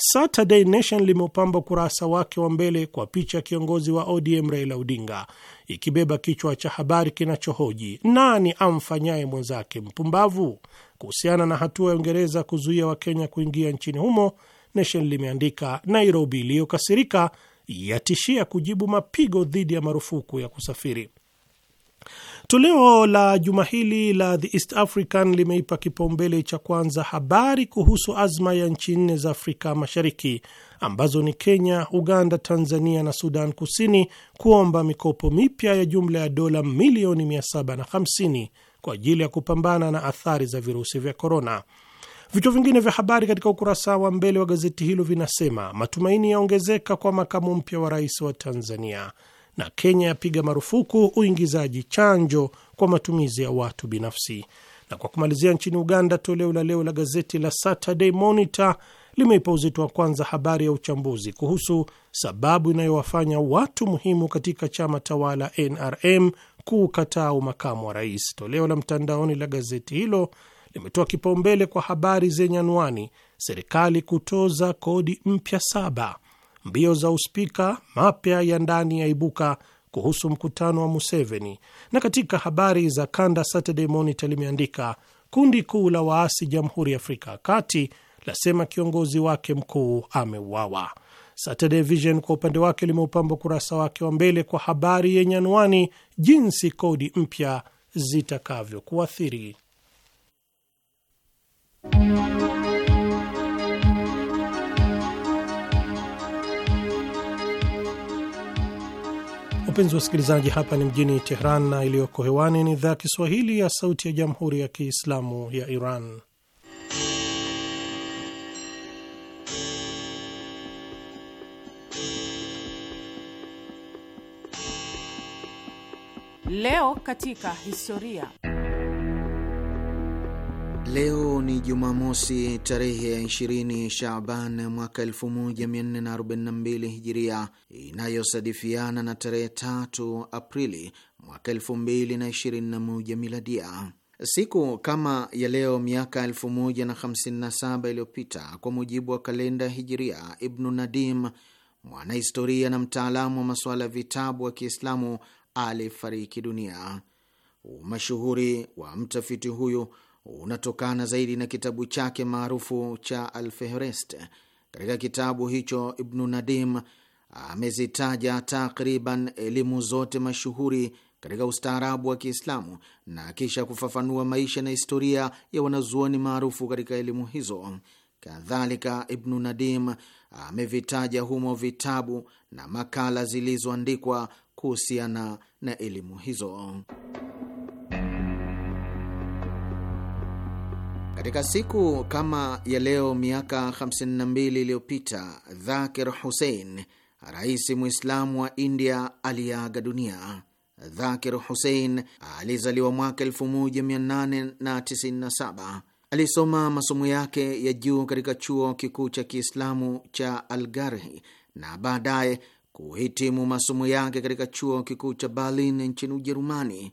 Saturday Nation limeupamba ukurasa wake wa mbele kwa picha ya kiongozi wa ODM Raila Odinga ikibeba kichwa cha habari kinachohoji nani amfanyaye mwenzake mpumbavu kuhusiana na hatua ya Uingereza kuzuia Wakenya kuingia nchini humo. Nation limeandika Nairobi iliyokasirika yatishia kujibu mapigo dhidi ya marufuku ya kusafiri. Toleo la juma hili la The East African limeipa kipaumbele cha kwanza habari kuhusu azma ya nchi nne za Afrika Mashariki ambazo ni Kenya, Uganda, Tanzania na Sudan Kusini kuomba mikopo mipya ya jumla ya dola milioni 750 kwa ajili ya kupambana na athari za virusi vya korona. Vichwa vingine vya habari katika ukurasa wa mbele wa gazeti hilo vinasema: matumaini yaongezeka kwa makamu mpya wa rais wa Tanzania, na Kenya yapiga marufuku uingizaji chanjo kwa matumizi ya watu binafsi. Na kwa kumalizia, nchini Uganda, toleo la leo la gazeti la Saturday Monitor limeipa uzito wa kwanza habari ya uchambuzi kuhusu sababu inayowafanya watu muhimu katika chama tawala NRM kukataa umakamu wa rais. Toleo la mtandaoni la gazeti hilo limetoa kipaumbele kwa habari zenye anwani serikali kutoza kodi mpya saba mbio za uspika, mapya ya ndani ya ibuka kuhusu mkutano wa Museveni. Na katika habari za kanda, Saturday Monitor limeandika kundi kuu la waasi Jamhuri ya Afrika ya Kati lasema kiongozi wake mkuu ameuawa. Saturday Vision kwa upande wake limeupamba ukurasa wake wa mbele kwa habari yenye anwani jinsi kodi mpya zitakavyokuathiri. wa wasikilizaji, hapa ni mjini Tehran na iliyoko hewani ni idhaa ya Kiswahili ya Sauti ya Jamhuri ya Kiislamu ya Iran. Leo katika historia Leo ni Jumamosi, tarehe ya 20 Shaban mwaka 1442 Hijiria, inayosadifiana na tarehe 3 Aprili mwaka 2021 Miladia. Siku kama ya leo miaka 1057 iliyopita, kwa mujibu wa kalenda Hijiria, Ibnu Nadim, mwanahistoria na mtaalamu wa masuala ya vitabu wa Kiislamu, alifariki dunia. Umashuhuri wa mtafiti huyu unatokana zaidi na kitabu chake maarufu cha Alfehrest. Katika kitabu hicho Ibnu Nadim amezitaja takriban elimu zote mashuhuri katika ustaarabu wa Kiislamu na kisha kufafanua maisha na historia ya wanazuoni maarufu katika elimu hizo. Kadhalika, Ibnu Nadim amevitaja humo vitabu na makala zilizoandikwa kuhusiana na elimu hizo. Katika siku kama ya leo miaka 52 iliyopita Dhakir Hussein, rais Mwislamu wa India, aliaga dunia. Dhakir Hussein alizaliwa mwaka 1897. Alisoma masomo yake ya juu katika chuo kikuu cha Kiislamu cha Algarhi na baadaye kuhitimu masomo yake katika chuo kikuu cha Berlin nchini Ujerumani.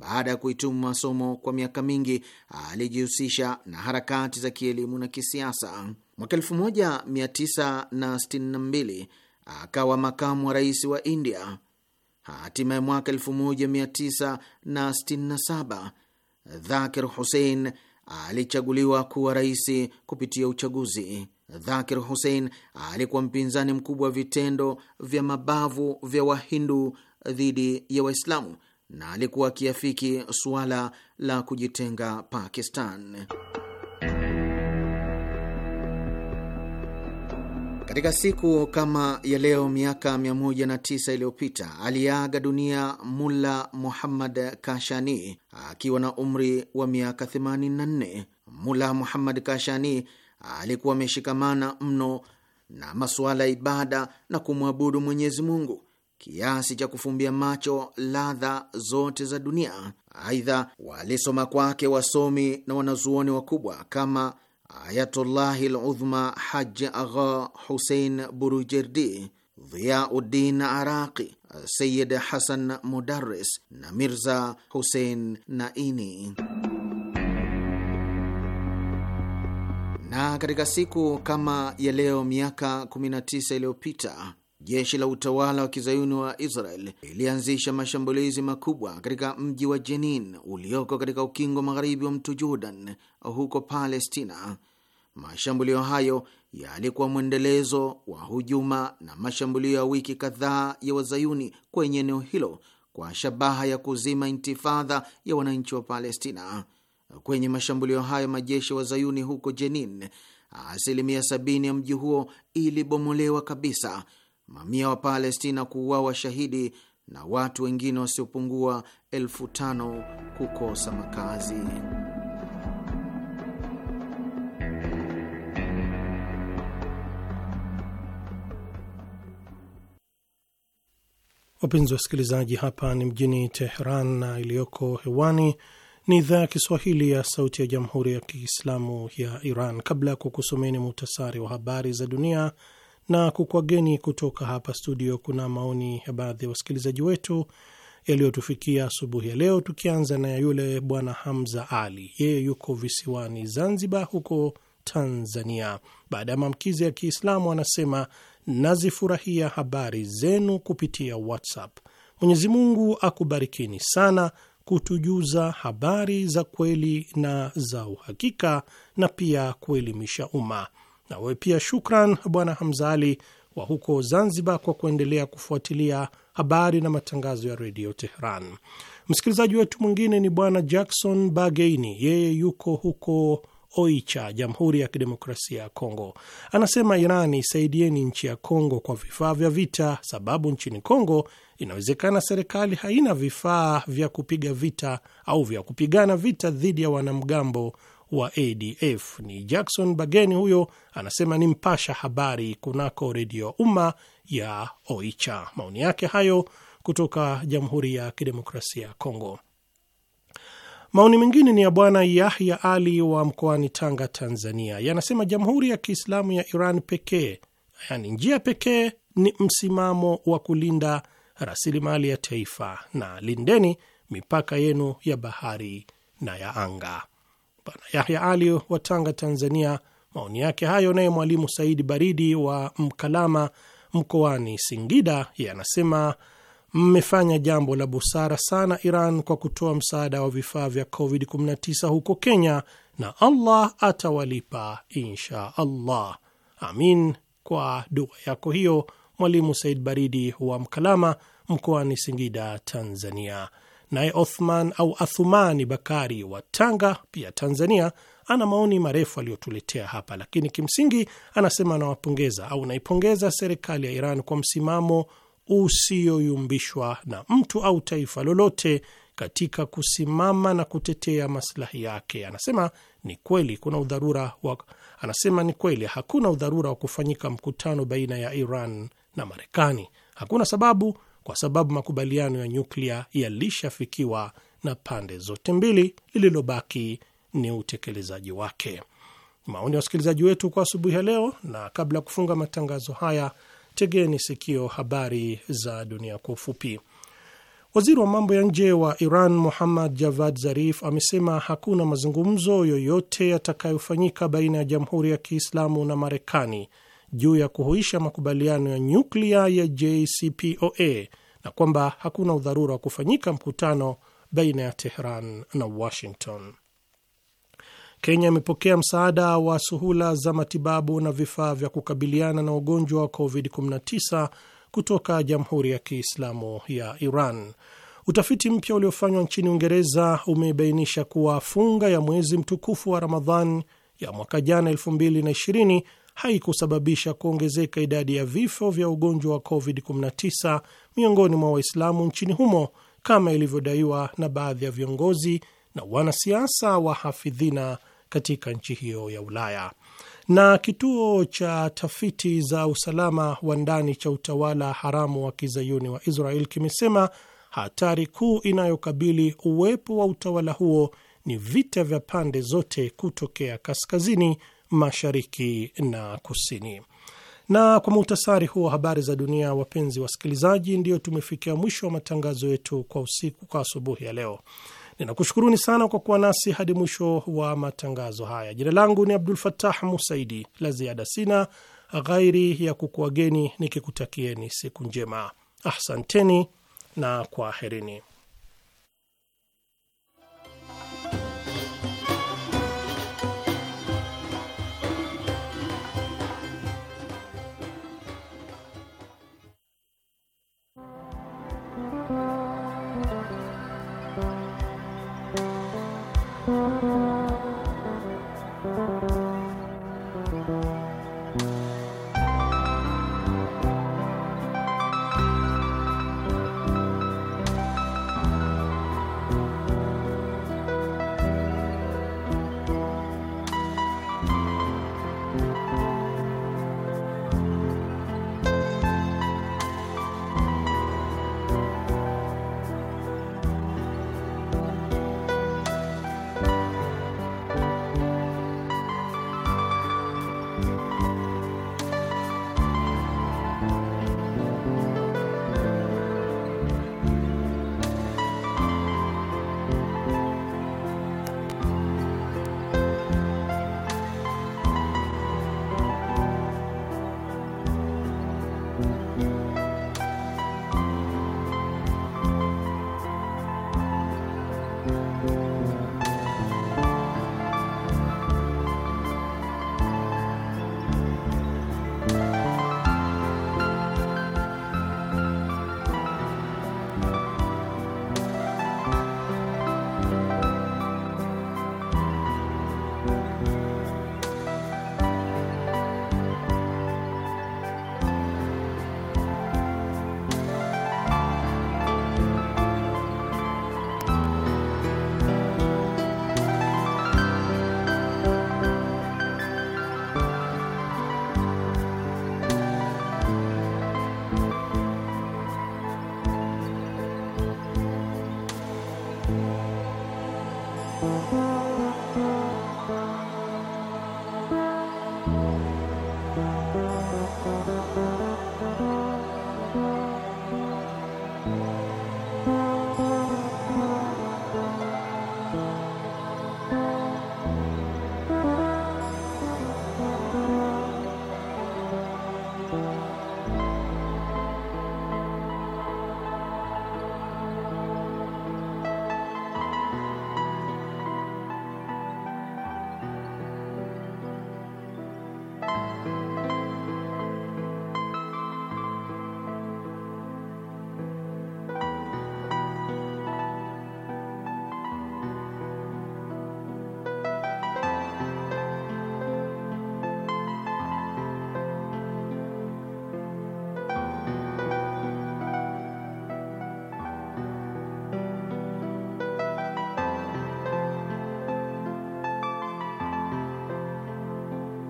Baada ya kuhitimu masomo kwa miaka mingi, alijihusisha na harakati za kielimu na kisiasa. Mwaka 1962 akawa makamu wa rais wa India. Hatimaye mwaka 1967 Dhakir Hussein alichaguliwa kuwa rais kupitia uchaguzi. Dhakir Hussein alikuwa mpinzani mkubwa wa vitendo vya mabavu vya Wahindu dhidi ya Waislamu na alikuwa akiafiki suala la kujitenga Pakistan. Katika siku kama ya leo miaka 109 iliyopita aliaga dunia Mulla Muhammad Kashani akiwa na umri wa miaka 84. Mulla Muhammad Kashani alikuwa ameshikamana mno na masuala ya ibada na kumwabudu Mwenyezi Mungu kiasi cha kufumbia macho ladha zote za dunia. Aidha, walisoma kwake wasomi na wanazuoni wakubwa kama Ayatullahi Ludhma Haji Agha Husein Burujerdi, Dhiyauddin Araqi, Sayid Hasan Mudaris na Mirza Husein Naini. Na katika siku kama ya leo miaka 19 iliyopita jeshi la utawala wa kizayuni wa Israel lilianzisha mashambulizi makubwa katika mji wa Jenin ulioko katika ukingo magharibi wa mto Jordan huko Palestina. Mashambulio hayo yalikuwa mwendelezo wa hujuma na mashambulio ya wiki kadhaa ya wazayuni kwenye eneo hilo kwa shabaha ya kuzima intifadha ya wananchi wa Palestina. Kwenye mashambulio hayo majeshi ya wazayuni huko Jenin, asilimia sabini ya mji huo ilibomolewa kabisa mamia wa Palestina kuuawa shahidi na watu wengine wasiopungua elfu tano kukosa makazi. Wapenzi wasikilizaji, hapa ni mjini Teheran na iliyoko hewani ni idhaa ya Kiswahili ya Sauti ya Jamhuri ya Kiislamu ya Iran. Kabla ya kukusomeni muhtasari wa habari za dunia na kukwageni kutoka hapa studio. Kuna maoni ya baadhi ya wasikilizaji wetu yaliyotufikia asubuhi ya leo, tukianza na yule bwana Hamza Ali. Yeye yuko visiwani Zanzibar huko Tanzania. Baada ya maamkizi ya Kiislamu, anasema nazifurahia habari zenu kupitia WhatsApp. Mwenyezi Mungu akubarikini sana kutujuza habari za kweli na za uhakika na pia kuelimisha umma. Nawe pia shukran Bwana Hamzali wa huko Zanzibar kwa kuendelea kufuatilia habari na matangazo ya redio Tehran. Msikilizaji wetu mwingine ni Bwana Jackson Bageini, yeye yuko huko Oicha, Jamhuri ya Kidemokrasia ya Kongo. Anasema Irani isaidieni nchi ya Kongo kwa vifaa vya vita, sababu nchini Kongo inawezekana serikali haina vifaa vya kupiga vita au vya kupigana vita dhidi ya wanamgambo wa ADF. Ni Jackson Bageni huyo anasema ni mpasha habari kunako redio ya umma ya Oicha. Maoni yake hayo kutoka Jamhuri ya Kidemokrasia ya Kongo. Maoni mengine ni ya bwana Yahya Ali wa mkoani Tanga, Tanzania, yanasema Jamhuri ya Kiislamu ya Iran pekee, yani njia pekee ni msimamo wa kulinda rasilimali ya taifa, na lindeni mipaka yenu ya bahari na ya anga. Bwana Yahya Ali wa Tanga, Tanzania, maoni yake hayo. Naye Mwalimu Saidi Baridi wa Mkalama mkoani Singida yanasema mmefanya jambo la busara sana Iran kwa kutoa msaada wa vifaa vya COVID-19 huko Kenya, na Allah atawalipa insha Allah. Amin kwa dua yako hiyo, Mwalimu Said Baridi wa Mkalama mkoani Singida, Tanzania. Naye Othman au Athumani Bakari wa Tanga, pia Tanzania, ana maoni marefu aliyotuletea hapa, lakini kimsingi anasema anawapongeza au naipongeza serikali ya Iran kwa msimamo usiyoyumbishwa na mtu au taifa lolote katika kusimama na kutetea maslahi yake. Anasema ni kweli kuna udharura wa, anasema ni kweli hakuna udharura wa kufanyika mkutano baina ya Iran na Marekani. Hakuna sababu kwa sababu makubaliano ya nyuklia yalishafikiwa na pande zote mbili, lililobaki ni utekelezaji wake. Maoni ya wasikilizaji wetu kwa asubuhi ya leo, na kabla ya kufunga matangazo haya, tegeni sikio habari za dunia kwa ufupi. Waziri wa mambo ya nje wa Iran Muhammad Javad Zarif amesema hakuna mazungumzo yoyote yatakayofanyika baina ya Jamhuri ya Kiislamu na Marekani juu ya kuhuisha makubaliano ya nyuklia ya JCPOA na kwamba hakuna udharura wa kufanyika mkutano baina ya Tehran na Washington. Kenya imepokea msaada wa suhula za matibabu na vifaa vya kukabiliana na ugonjwa wa COVID-19 kutoka Jamhuri ya Kiislamu ya Iran. Utafiti mpya uliofanywa nchini Uingereza umebainisha kuwa funga ya mwezi mtukufu wa Ramadhan ya mwaka jana haikusababisha kuongezeka idadi ya vifo vya ugonjwa wa COVID-19 miongoni mwa Waislamu nchini humo kama ilivyodaiwa na baadhi ya viongozi na wanasiasa wa hafidhina katika nchi hiyo ya Ulaya. Na kituo cha tafiti za usalama wa ndani cha utawala haramu wa kizayuni wa Israel kimesema hatari kuu inayokabili uwepo wa utawala huo ni vita vya pande zote kutokea kaskazini mashariki na kusini. Na kwa muhtasari huu wa habari za dunia, wapenzi wasikilizaji, ndiyo tumefikia mwisho wa matangazo yetu kwa usiku kwa asubuhi ya leo. Ninakushukuruni sana kwa kuwa nasi hadi mwisho wa matangazo haya. Jina langu ni Abdul Fatah Musaidi. La ziada sina ghairi ya kukuageni nikikutakieni siku njema. Ahsanteni na kwaherini.